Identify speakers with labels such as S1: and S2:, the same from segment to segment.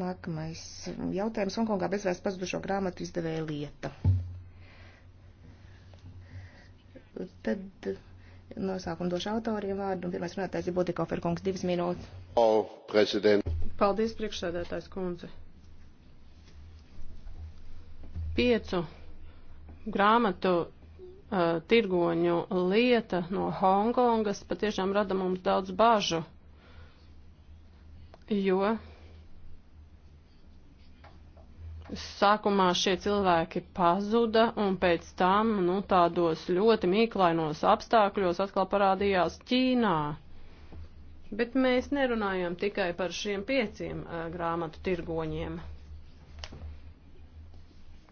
S1: Nākamais jautājums. Hongkongā bezvēsts pazudušo grāmatu izdevēja lieta. Tad nosākumu došu autoriem vārdu. Pirmais runātājs ir Butikofer kungs, divas minūtes. Oh, Paldies,
S2: priekšsēdētājs kundze. Piecu grāmatu uh, tirgoņu lieta no Hongkongas patiešām rada mums daudz bažu, jo sākumā šie cilvēki pazuda, un pēc tam, nu, tādos ļoti mīklainos apstākļos atkal parādījās Ķīnā. Bet mēs nerunājam tikai par šiem pieciem uh, grāmatu tirgoņiem.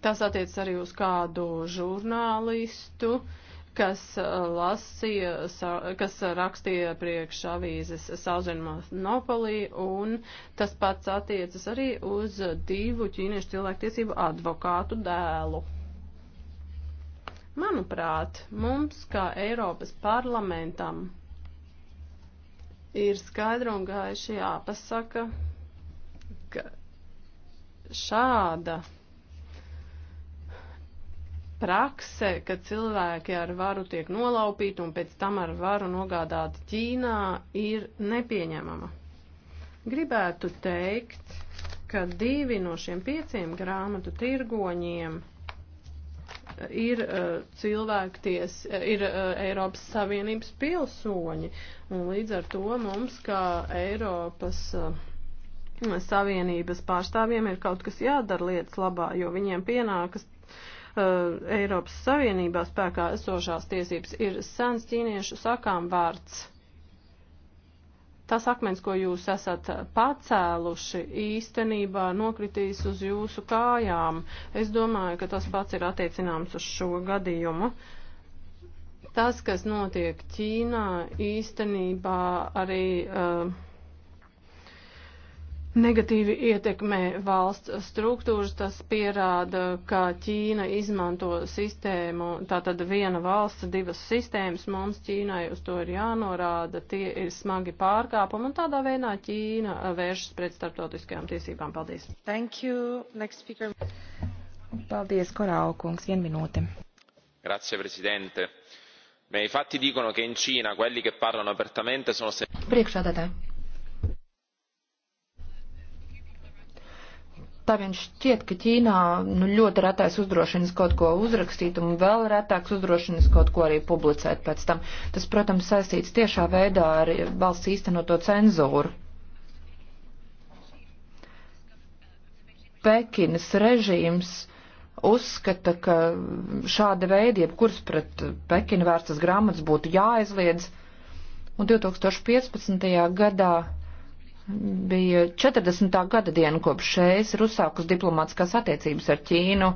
S2: Tas attiec arī uz kādu žurnālistu, uh, kas uh, lasīja, kas rakstīja priekš avīzes Sauzenmonopolī, un tas pats attiecas arī uz divu ķīniešu cilvēktiesību advokātu dēlu. Manuprāt, mums kā Eiropas parlamentam ir skaidri un gaiši jāpasaka, ka šāda prakse, ka cilvēki ar varu tiek nolaupīti un pēc tam ar varu nogādāti Ķīnā, ir nepieņemama. Gribētu teikt, ka divi no šiem pieciem grāmatu tirgoņiem ir uh, cilvēkties, uh, ir uh, Eiropas Savienības pilsoņi, un līdz ar to mums, kā Eiropas uh, Savienības pārstāvjiem, ir kaut kas jādara lietas labā, jo viņiem pienākas Eh, Eiropas Savienībā spēkā esošās tiesības ir sens ķīniešu sakām vārds tas akmens, ko jūs esat pacēluši, īstenībā nokritīs uz jūsu kājām. Es domāju, ka tas pats ir attiecināms uz šo gadījumu. Tas, kas notiek Ķīnā, īstenībā arī. Uh, negatīvi ietekmē valsts struktūras. Tas pierāda, ka Ķīna izmanto sistēmu, tātad viena valsts, divas sistēmas. Mums Ķīnai uz to ir jānorāda, tie ir smagi pārkāpumi, un tādā veidā Ķīna vēršas pret starptautiskajām tiesībām.
S1: Paldies! Thank you. Next speaker. Paldies, Korāo kungs, vien minūte.
S2: Grazie, Presidente. I fatti dicono che in Cina quelli che parlano
S1: apertamente sono sempre. Priekšādātāji tā viņš šķiet, ka Ķīnā nu, ļoti retais uzdrošinas kaut ko uzrakstīt un vēl retāks uzdrošinas kaut ko arī publicēt pēc tam. Tas, protams, saistīts tiešā veidā ar valsts īstenoto cenzūru. Pekinas režīms uzskata, ka šāda veida, jebkuras pret Pekinu vērstas grāmatas būtu jāaizliedz, un 2015. gadā bija 40. gada diena, kopš šeit ir uzsākus diplomātiskās attiecības ar Ķīnu.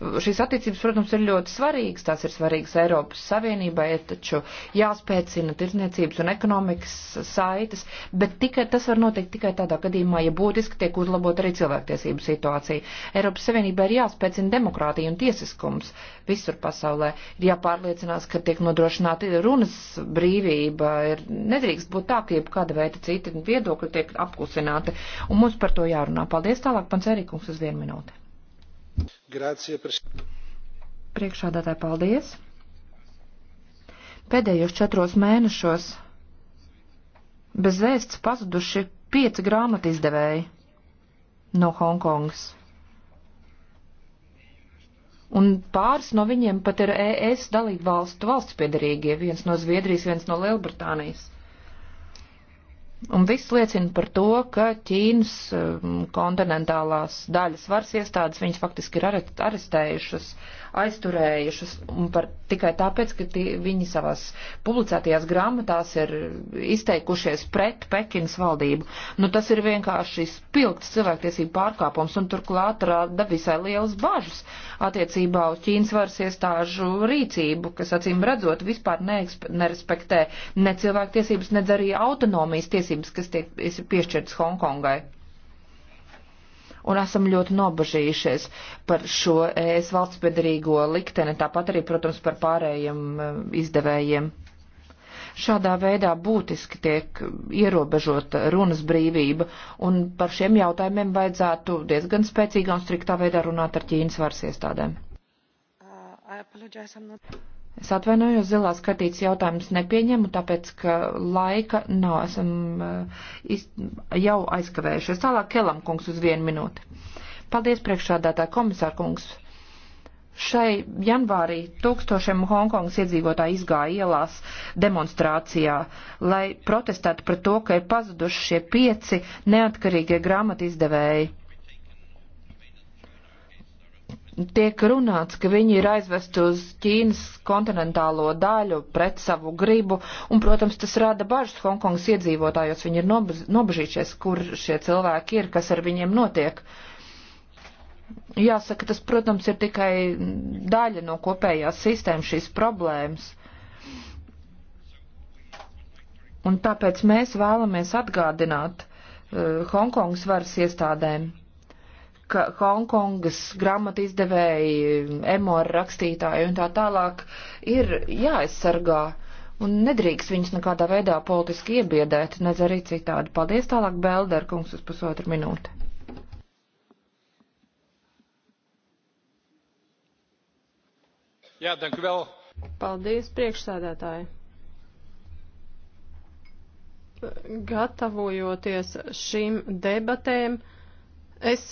S1: Šīs attiecības, protams, ir ļoti svarīgas, tās ir svarīgas Eiropas Savienībai, taču jāspēcina tirzniecības un ekonomikas saites, bet tikai, tas var notikt tikai tādā gadījumā, ja būtiski tiek uzlabot arī cilvēktiesību situācija. Eiropas Savienībai ir jāspēcina demokrātija un tiesiskums visur pasaulē, ir jāpārliecinās, ka tiek nodrošināta runas brīvība, ir nedrīkst būt tā, ka jebkāda veida citi viedokļi tiek tiek apklusināti. Un mums par to jārunā. Paldies tālāk, pans Erikungs, uz vienu minūti.
S2: Grācija, pres...
S1: Priekšādātāji, paldies. Pēdējos četros mēnešos bez vēsts pazuduši pieci grāmatu izdevēji no Hongkongas un pāris no viņiem pat ir ES dalību valstu valsts piedarīgie, viens no Zviedrijas, viens no Lielbritānijas. Un viss liecina par to, ka Ķīnas um, kontinentālās daļas varas iestādes viņas faktiski ir arestējušas, aizturējušas, un par, tikai tāpēc, ka tī, viņi savās publicētajās grāmatās ir izteikušies pret Pekinas valdību. Nu, tas ir vienkārši spilgts cilvēktiesību pārkāpums, un turklāt rada visai lielas bažas attiecībā uz Ķīnas varas iestāžu rīcību, kas acīm redzot vispār nerespektē ne cilvēktiesības, ne arī autonomijas tiesības tiesības, kas tiek piešķirtas Hongkongai un esam ļoti nobažījušies par šo ES valsts piedarīgo likteni, tāpat arī, protams, par pārējiem e, izdevējiem. Šādā veidā būtiski tiek ierobežota runas brīvība, un par šiem jautājumiem vajadzētu diezgan spēcīgā un striktā veidā runāt ar Ķīnas varas iestādēm.
S2: Uh,
S1: Es atvainojos, zilās kartītes jautājumus nepieņemu, tāpēc, ka laika nav, esam eh, jau aizkavējušies. Tālāk Kelam kungs uz vienu minūti. Paldies priekšādātā komisāra kungs. Šai janvārī tūkstošiem Hongkongas iedzīvotāji izgāja ielās demonstrācijā, lai protestētu pret to, ka ir pazuduši šie pieci neatkarīgie grāmatu izdevēji tiek runāts, ka viņi ir aizvesti uz Ķīnas kontinentālo daļu pret savu gribu, un, protams, tas rada bažas Hongkongas iedzīvotājos. Viņi ir nobežījušies, kur šie cilvēki ir, kas ar viņiem notiek. Jāsaka, tas, protams, ir tikai daļa no kopējās sistēmas šīs problēmas. Un tāpēc mēs vēlamies atgādināt uh, Hongkongas varas iestādēm ka Hongkongas grāmatu izdevēji, emora rakstītāji un tā tālāk ir jāaizsargā un nedrīkst viņus nekādā veidā politiski iebiedēt, nedz arī citādi. Paldies tālāk, Belder kungs, uz pusotru minūti. Jā, danku vēl.
S2: Paldies, priekšsēdētāji. Gatavojoties šīm debatēm, es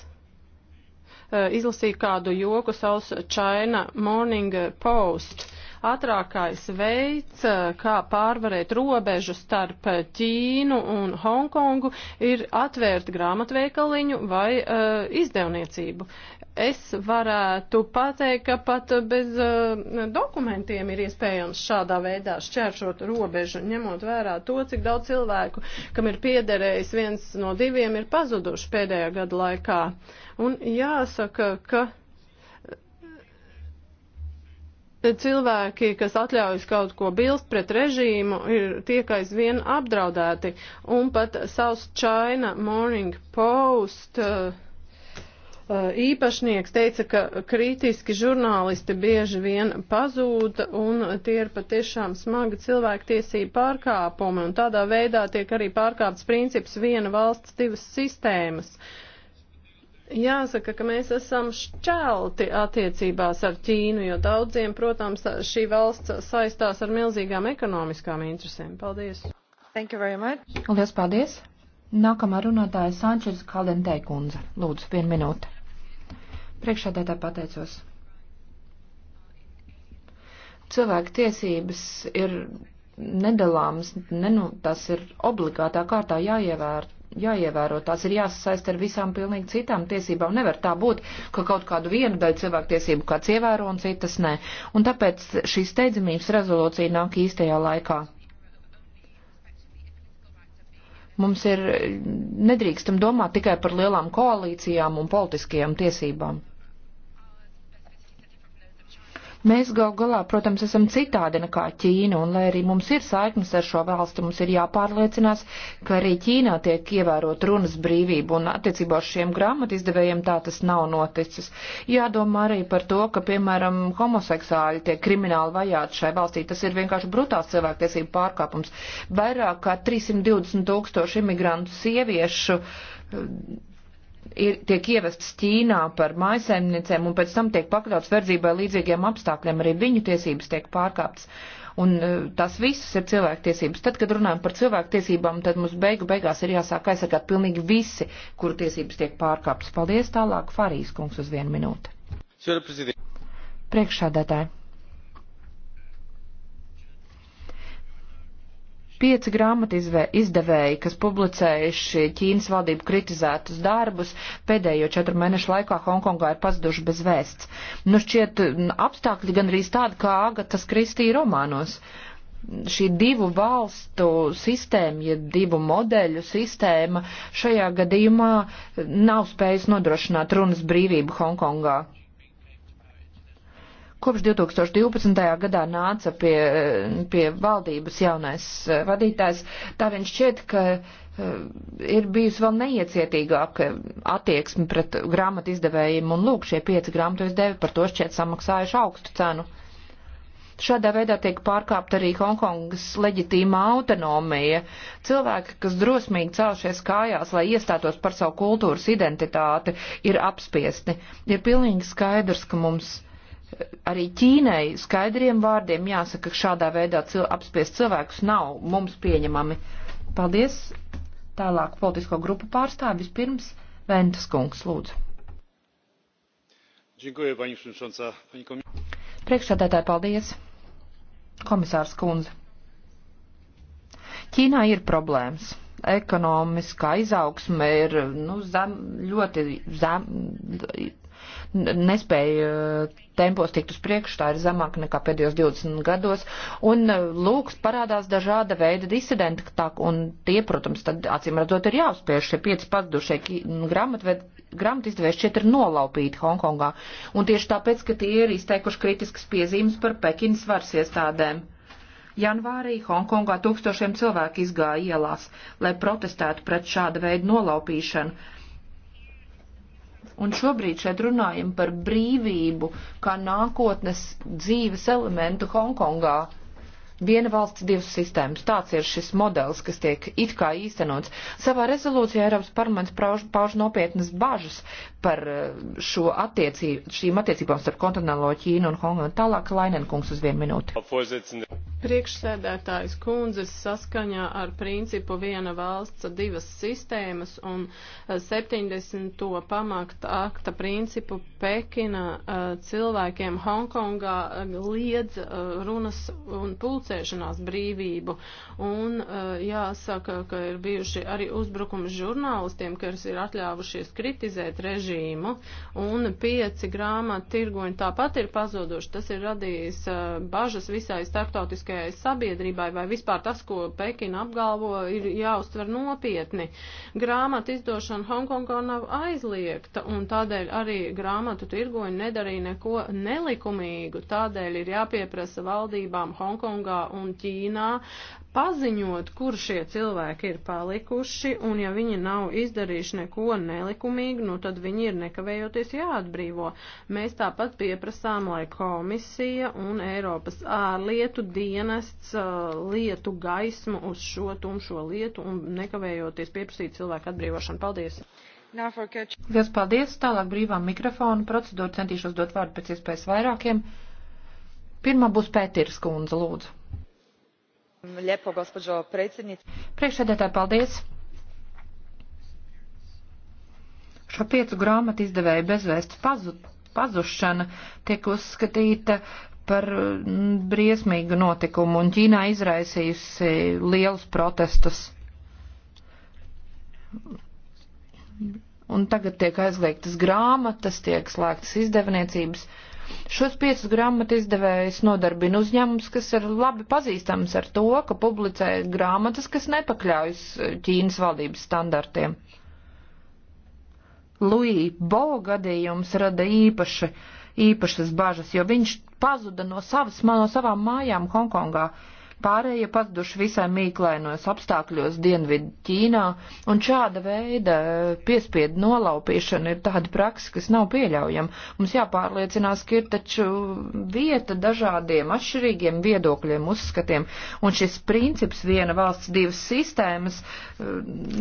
S2: Eh, izlasīju kādu joku savus China Morning Post. Ātrākais veids, eh, kā pārvarēt robežu starp Ķīnu un Hongkongu, ir atvērt grāmatveikaliņu vai uh, izdevniecību es varētu pateikt, ka pat bez eh, dokumentiem ir iespējams šādā veidā šķēršot robežu, ņemot vērā to, cik daudz cilvēku, kam ir piederējis viens no diviem, ir pazuduši pēdējā gada laikā. Un jāsaka, ka eh, cilvēki, kas atļaujas kaut ko bilst pret režīmu, ir tiek aizvien apdraudēti. Un pat savs China Morning Post uh, Eh, īpašnieks teica, ka kritiski žurnālisti bieži vien pazūda un tie ir patiešām smagi cilvēktiesību pārkāpumi un tādā veidā tiek arī pārkāpts princips viena valsts divas sistēmas. Jāsaka, ka mēs esam šķelti attiecībās ar Ķīnu, jo daudziem, protams, šī valsts saistās ar milzīgām ekonomiskām interesēm. Paldies!
S1: Thank you very much! Lielas paldies! Nākamā runātāja Sančers Kalentei kundze. Lūdzu, vienu minūti. Priekšādētā pateicos. Cilvēku tiesības ir nedalāmas, nenu, tas ir obligātā kārtā jāievērt jāievēro, tās ir jāsasaist ar visām pilnīgi citām tiesībām. Nevar tā būt, ka kaut kādu vienu daļu cilvēktiesību kāds ievēro un citas nē. Un tāpēc šī steidzamības rezolūcija nāk īstajā laikā. Mums ir nedrīkstam domāt tikai par lielām koalīcijām un politiskajām tiesībām. Mēs gal galā, protams, esam citādi nekā Ķīna, un lai arī mums ir saiknes ar šo valsti, mums ir jāpārliecinās, ka arī Ķīnā tiek ievērot runas brīvību, un attiecībā uz šiem grāmatizdevējiem tā tas nav noticis. Jādomā arī par to, ka, piemēram, homoseksuāļi tiek krimināli vajāti šai valstī. Tas ir vienkārši brutāls cilvēktiesību pārkāpums. Vairāk kā 320 tūkstoši imigrantu sieviešu ir, tiek ievestas Ķīnā par maisaimniecēm un pēc tam tiek pakļauts verdzībai līdzīgiem apstākļiem, arī viņu tiesības tiek pārkāptas. Un e, tas viss ir cilvēktiesības. Tad, kad runājam par cilvēktiesībām, tad mums beigu beigās ir jāsāk aizsargāt pilnīgi visi, kuru tiesības tiek pārkāptas. Paldies tālāk, Farijas kungs, uz vienu minūti. Priekšādātāji. Pieci grāmatu izdevēji, kas publicējuši Ķīnas valdību kritizētus darbus, pēdējo četru mēnešu laikā Hongkongā ir pazuduši bez vēsts. Nu šķiet apstākļi gan arī tādi kā Agatas Kristī romānos šī divu valstu sistēma, ja divu modeļu sistēma šajā gadījumā nav spējusi nodrošināt runas brīvību Hongkongā. Kopš 2012. gadā nāca pie, pie valdības jaunais eh, vadītājs, tā viņš šķiet, ka eh, ir bijusi vēl neiecietīgāka attieksme pret grāmatu izdevējiem, un lūk, šie pieci grāmatu izdevi par to šķiet samaksājuši augstu cenu. Šādā veidā tiek pārkāpta arī Hongkongas leģitīma autonomija. Cilvēki, kas drosmīgi cēlušies kājās, lai iestātos par savu kultūras identitāti, ir apspiesti. Ir pilnīgi skaidrs, ka mums arī Ķīnai skaidriem vārdiem jāsaka, ka šādā veidā cil apspiest cilvēkus nav mums pieņemami. Paldies. Tālāk politisko grupu pārstāvis pirms Ventas kungs lūdzu. Priekšsādātāji, paldies. Komisārs kundze. Ķīnā ir problēmas ekonomiskā izaugsme ir nu, zem, ļoti zem, nespēja uh, tempos tikt uz priekšu, tā ir zemāka nekā pēdējos 20 gados, un uh, lūk, parādās dažāda veida disidenti, tā, un tie, protams, tad acīm redzot ir jāuzspiež šie pieci pazudušie grāmatu izdevēji šķiet ir nolaupīti Hongkongā, un tieši tāpēc, ka tie ir izteikuši kritiskas piezīmes par Pekinas varas iestādēm. Janvārī Hongkongā tūkstošiem cilvēku izgāja ielās, lai protestētu pret šāda veida nolaupīšanu, Un šobrīd šeit runājam par brīvību kā nākotnes dzīves elementu Hongkongā Viena valsts, divas sistēmas. Tāds ir šis modelis, kas tiek it kā īstenots. Savā rezolūcijā Eiropas parlaments pauž, pauž nopietnas bažas par eh, šo attiecību, šīm attiecībām starp kontinentālo Ķīnu un Hongkongu. Tālāk Lainenkungs uz vienu minūti.
S2: Priekšsēdētājs kundzes saskaņā ar principu viena valsts, divas sistēmas un 70. Eh, pamakta akta principu Pekina eh, cilvēkiem Hongkongā liedz runas un pulcē pulcēšanās brīvību. Un eh, jāsaka, ka ir bijuši arī uzbrukumi žurnālistiem, kas ir atļāvušies kritizēt režīmu, un pieci grāmatu tirgoņi tāpat ir pazuduši. Tas ir radījis eh, bažas visai starptautiskajai sabiedrībai, vai vispār tas, ko Pekina apgalvo, ir jāuztver nopietni. Grāmatu izdošana Hongkongā nav aizliegta, un tādēļ arī grāmatu tirgoņi nedarīja neko nelikumīgu. Tādēļ ir jāpieprasa valdībām Hongkongā Indijā un Ķīnā, paziņot, kur šie cilvēki ir palikuši, un ja viņi nav izdarījuši neko nelikumīgu, nu tad viņi ir nekavējoties jāatbrīvo. Mēs tāpat pieprasām, lai komisija un Eiropas ārlietu dienests uh, lietu gaismu uz šo tumšo lietu un nekavējoties pieprasīt cilvēku atbrīvošanu. Paldies!
S1: Liels paldies! Tālāk brīvā mikrofona procedūra centīšos dot vārdu pēc iespējas vairākiem. Pirmā būs Pētirs kundze, lūdzu. Priekšsēdētāji, paldies! Šo piecu grāmatu izdevēja bezvēsts pazu, pazušana tiek uzskatīta par mm, briesmīgu notikumu un Ķīnā izraisījusi lielus protestus. Un tagad tiek aizliegtas grāmatas, tiek slēgtas izdevniecības. Uh, Šos piecus grāmatu izdevējus nodarbina uzņēmums, kas ir labi pazīstams ar to, ka publicē grāmatas, kas nepakļaujas eh, Ķīnas valdības standartiem. Lui Bo gadījums rada īpaši, īpašas bažas, jo viņš pazuda no, savas, no savām mājām Hongkongā Pārējie pazuduši visai mīklainos apstākļos Dienvidu Ķīnā, un šāda veida eh, piespiedu nolaupīšana ir tāda praksa, kas nav pieļaujama. Mums jāpārliecinās, ka ir taču vieta dažādiem atšķirīgiem viedokļiem, uzskatiem, un šis princips viena valsts divas sistēmas eh,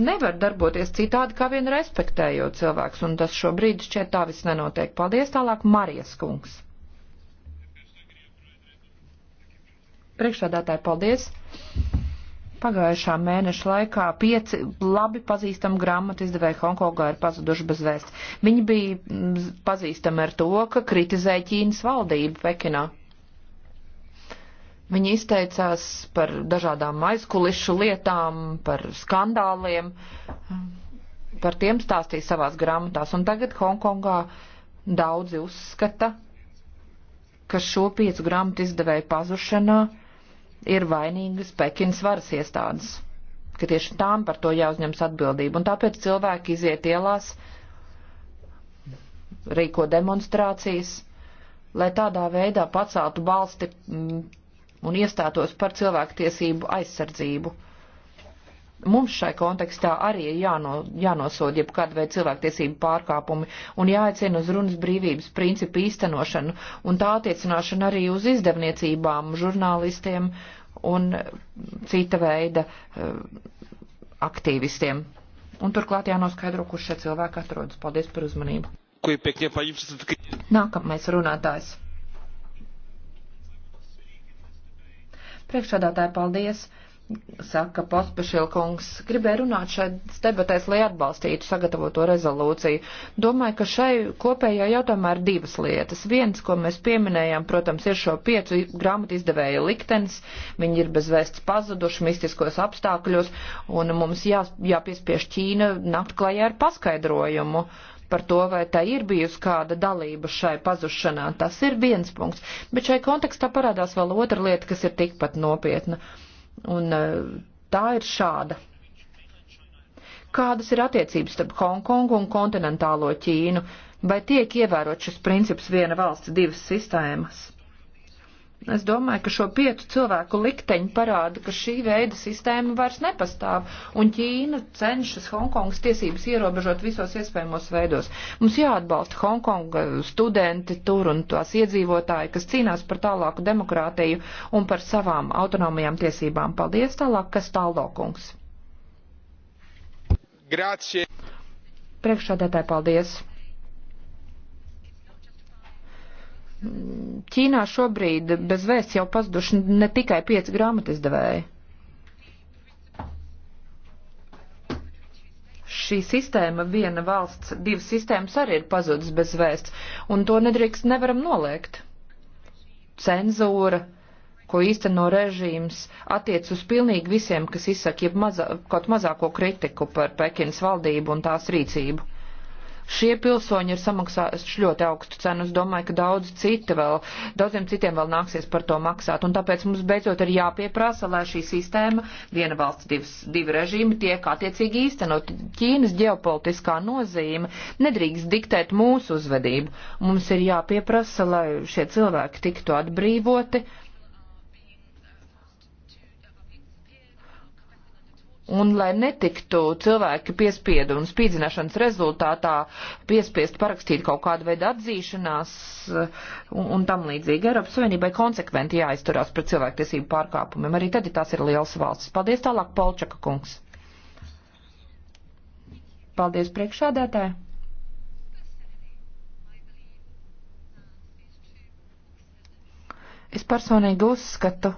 S1: nevar darboties citādi, kā vien respektējot cilvēks, un tas šobrīd šķiet tā viss nenotiek. Paldies tālāk, Marijas kungs. Priekšsādātāji, paldies! Pagājušā mēneša laikā pieci labi pazīstami grāmatu izdevēji Hongkongā ir pazuduši bez vēsts. Viņi bija pazīstami ar to, ka kritizēja Ķīnas valdību Pekinā. Viņi izteicās par dažādām aizkulišu lietām, par skandāliem, par tiem stāstīja savās grāmatās. Un tagad Hongkongā daudzi uzskata, ka šo piecu grāmatu izdevēju pazušanā ir vainīgas Pekinas varas iestādes, ka tieši tām par to jāuzņems atbildība. Un tāpēc cilvēki iziet ielās, rīko demonstrācijas, lai tādā veidā paceltu balsti mm, un iestātos par cilvēku tiesību aizsardzību. Mums šai kontekstā arī ir jāno, jānosod jebkāda veida cilvēktiesību pārkāpumi un jāaicina uz runas brīvības principu īstenošanu un tā attiecināšanu arī uz izdevniecībām, žurnālistiem un cita veida eh, aktīvistiem. Un turklāt jānoskaidro, kurš šie cilvēki atrodas. Paldies par uzmanību. Nākamais runātājs. Priekšādātāji, paldies! saka Postpešilkungs, gribēja runāt šeit debatēs, lai atbalstītu sagatavoto rezolūciju. Domāju, ka šai kopējā jautājumā ir divas lietas. Viens, ko mēs pieminējām, protams, ir šo piecu grāmatu izdevēja liktenis. Viņi ir bezvēsts pazuduši mistiskos apstākļos, un mums jā, jāpiespiež Ķīna nakt klajā ar paskaidrojumu par to, vai tā ir bijusi kāda dalība šai pazušanā. Tas ir viens punkts. Bet šai kontekstā parādās vēl otra lieta, kas ir tikpat nopietna. Uh, Un e, tā ir šāda. Kādas ir attiecības starp Hongkongu un kontinentālo Ķīnu? Vai tiek ievērot šis princips viena valsts, divas sistēmas? Es domāju, ka šo pietu cilvēku likteņi parāda, ka šī veida sistēma vairs nepastāv, un Ķīna cenšas Hongkongas tiesības ierobežot visos iespējamos veidos. Mums jāatbalsta Hongkonga studenti tur un tās iedzīvotāji, kas cīnās par tālāku demokrātiju un par savām autonomajām tiesībām. Paldies tālāk, kas tālākungs. Grācie. Priekšādētāji, paldies. Ķīnā šobrīd bez vēsts jau pazuduši ne tikai pieci grāmatizdevēji. šī sistēma, viena valsts, divas sistēmas arī ir pazudis bez vēsts, un to nedrīkst nevaram noliegt. Cenzūra, ko īsteno režīms, attiec uz pilnīgi visiem, kas izsaka jeb mazā, kaut mazāko kritiku par Pekinas valdību un tās rīcību. Šie pilsoņi ir samaksājuši ļoti augstu cenu. Es domāju, ka daudz citi vēl, daudziem citiem vēl nāksies par to maksāt. Un tāpēc mums beidzot ir jāpieprasa, lai šī sistēma viena valsts divas, divi režīmi tiek attiecīgi īstenot. Ķīnas ģeopolitiskā nozīme nedrīkst diktēt mūsu uzvedību. Mums ir jāpieprasa, lai šie cilvēki tiktu atbrīvoti. un lai netiktu cilvēki piespiedu un spīdzināšanas rezultātā piespiest parakstīt kaut kādu veidu atzīšanās eh, un, un tam līdzīgi. Eiropas Savienībai konsekventi jāizturās pret cilvēktiesību pārkāpumiem, arī tad, ja tās ir liels valsts. Paldies tālāk, Polčaka kungs. Paldies priekšādētāji. Es personīgi uzskatu,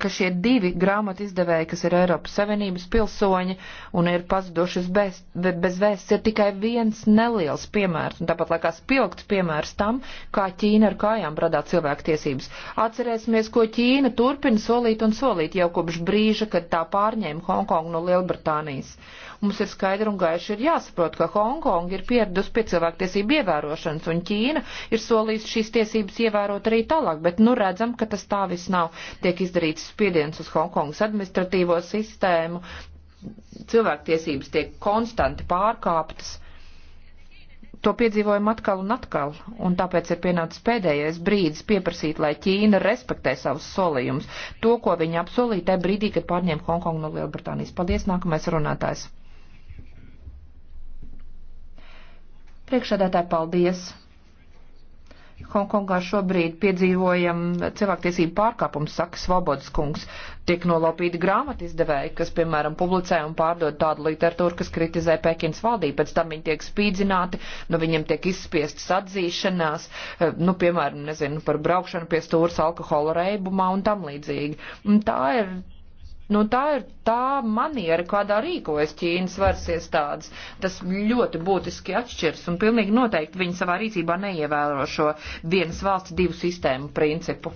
S1: ka šie divi grāmatu izdevēji, kas ir Eiropas Savienības pilsoņi un ir pazudušas bez, bez vēsts, ir tikai viens neliels piemērs, un tāpat laikā spilgts piemērs tam, kā Ķīna ar kājām bradā cilvēku tiesības. Atcerēsimies, ko Ķīna turpina solīt un solīt jau kopš brīža, kad tā pārņēma Hongkongu no Lielbritānijas. Mums ir skaidri un gaiši ir jāsaprot, ka Hongkonga ir pieradusi pie cilvēktiesību ievērošanas, un Ķīna ir solījusi šīs tiesības ievērot arī tālāk, bet nu redzam, ka tas tā viss nav. Tiek izdarīts spiediens uz Hongkongas administratīvo sistēmu, cilvēktiesības tiek konstanti pārkāptas. To piedzīvojam atkal un atkal, un tāpēc ir pienācis pēdējais brīdis pieprasīt, lai Ķīna respektē savus solījumus, to, ko viņa apsolīja tajā brīdī, kad pārņēma Hongkongu no Lielbritānijas. Paldies, nākamais runātājs. Priekšādātāji, paldies! Hongkongā šobrīd piedzīvojam cilvēktiesību pārkāpumus, saka Svobodas kungs. Tiek nolaupīti grāmatizdevēji, kas, piemēram, publicē un pārdod tādu literatūru, kas kritizē Pekins valdību. Pēc tam viņi tiek spīdzināti, no viņiem tiek izspiestas atzīšanās, eh, nu, piemēram, nezinu, par braukšanu pie stūras alkohola reibumā un tam līdzīgi. Un tā ir Nu, tā ir tā maniera, kādā rīkojas Ķīnas varas iestādes. Tas ļoti būtiski atšķirs un pilnīgi noteikti viņi savā rīcībā neievēro šo vienas valsts divu sistēmu principu.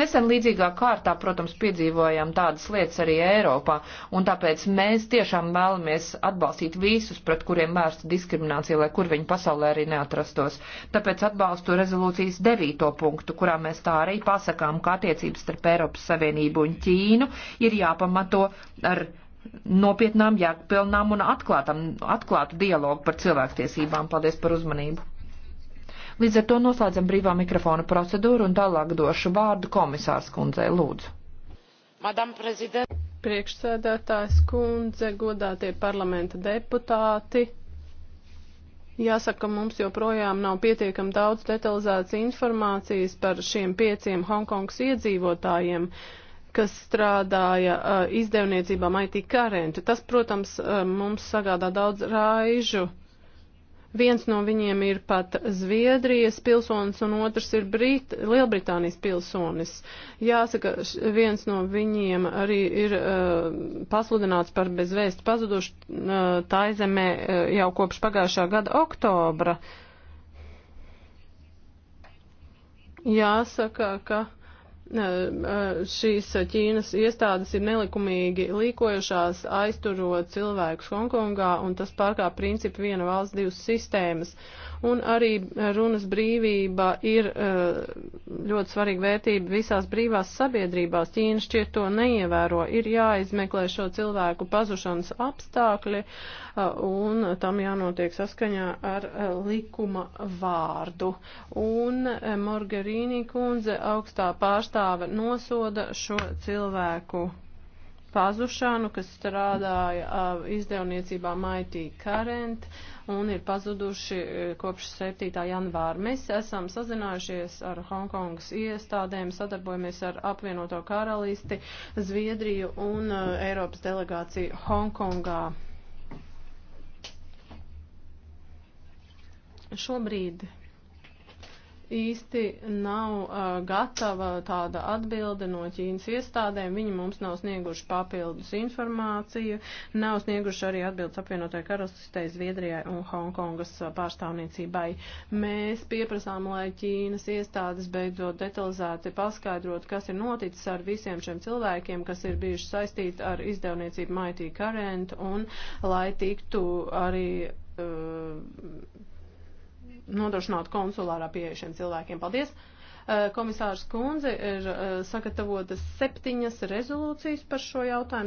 S1: Nesen līdzīgā kārtā, protams, piedzīvojām tādas lietas arī Eiropā, un tāpēc mēs tiešām vēlamies atbalstīt visus, pret kuriem vērsta diskriminācija, lai kur viņi pasaulē arī neatrastos. Tāpēc atbalstu rezolūcijas devīto punktu, kurā mēs tā arī pasakām, ka attiecības starp Eiropas Savienību un Ķīnu ir jāpamato ar nopietnām, jēgpilnām un atklātam, atklātu dialogu par cilvēktiesībām. Paldies par uzmanību! Līdz ar to noslēdzam brīvā mikrofona procedūru un tālāk došu vārdu komisārs kundzei lūdzu.
S2: Madam prezident. Priekšsēdētājs kundze, godātie parlamenta deputāti. Jāsaka, mums joprojām nav pietiekam daudz detalizētas informācijas par šiem pieciem Hongkongas iedzīvotājiem, kas strādāja uh, izdevniecībām IT Current. Tas, protams, uh, mums sagādā daudz raižu. Viens no viņiem ir pat Zviedrijas pilsonis un otrs ir Brit, Lielbritānijas pilsonis. Jāsaka, viens no viņiem arī ir uh, pasludināts par bezvēstu pazudušu uh, Taizemē uh, jau kopš pagājušā gada oktobra. Jāsaka, ka šīs Ķīnas iestādes ir nelikumīgi līkojušās, aizturot cilvēkus Hongkongā, un tas pārkāp principu viena valsts divas sistēmas. Un arī runas brīvība ir uh, ļoti svarīga vērtība visās brīvās sabiedrībās. Ķīna šķiet to neievēro. Ir jāizmeklē šo cilvēku pazušanas apstākļi un tam jānotiek saskaņā ar likuma vārdu. Un Morgarīnī kundze augstā pārstāve nosoda šo cilvēku pazušanu, kas strādāja izdevniecībā Maitī Karent un ir pazuduši e, kopš 7. janvāra. Mēs esam sazinājušies ar Hongkongas iestādēm, sadarbojamies ar apvienoto karalisti, Zviedriju un e, Eiropas delegāciju Hongkongā. Šobrīd īsti nav uh, gatava tāda atbilde no Ķīnas iestādēm. Viņi mums nav snieguši papildus informāciju, nav snieguši arī atbildes apvienotajai karalistei Zviedrijai un Hongkongas pārstāvniecībai. Mēs pieprasām, lai Ķīnas iestādes beidzot detalizēti paskaidrot, kas ir noticis ar visiem šiem cilvēkiem, kas ir bijuši saistīti ar izdevniecību Maitī Karent un lai tiktu arī. Uh, nodrošināt konsulārā pieeja šiem cilvēkiem. Paldies! Eh, komisārs Kunze ir eh, eh, sagatavotas septiņas rezolūcijas par šo jautājumu.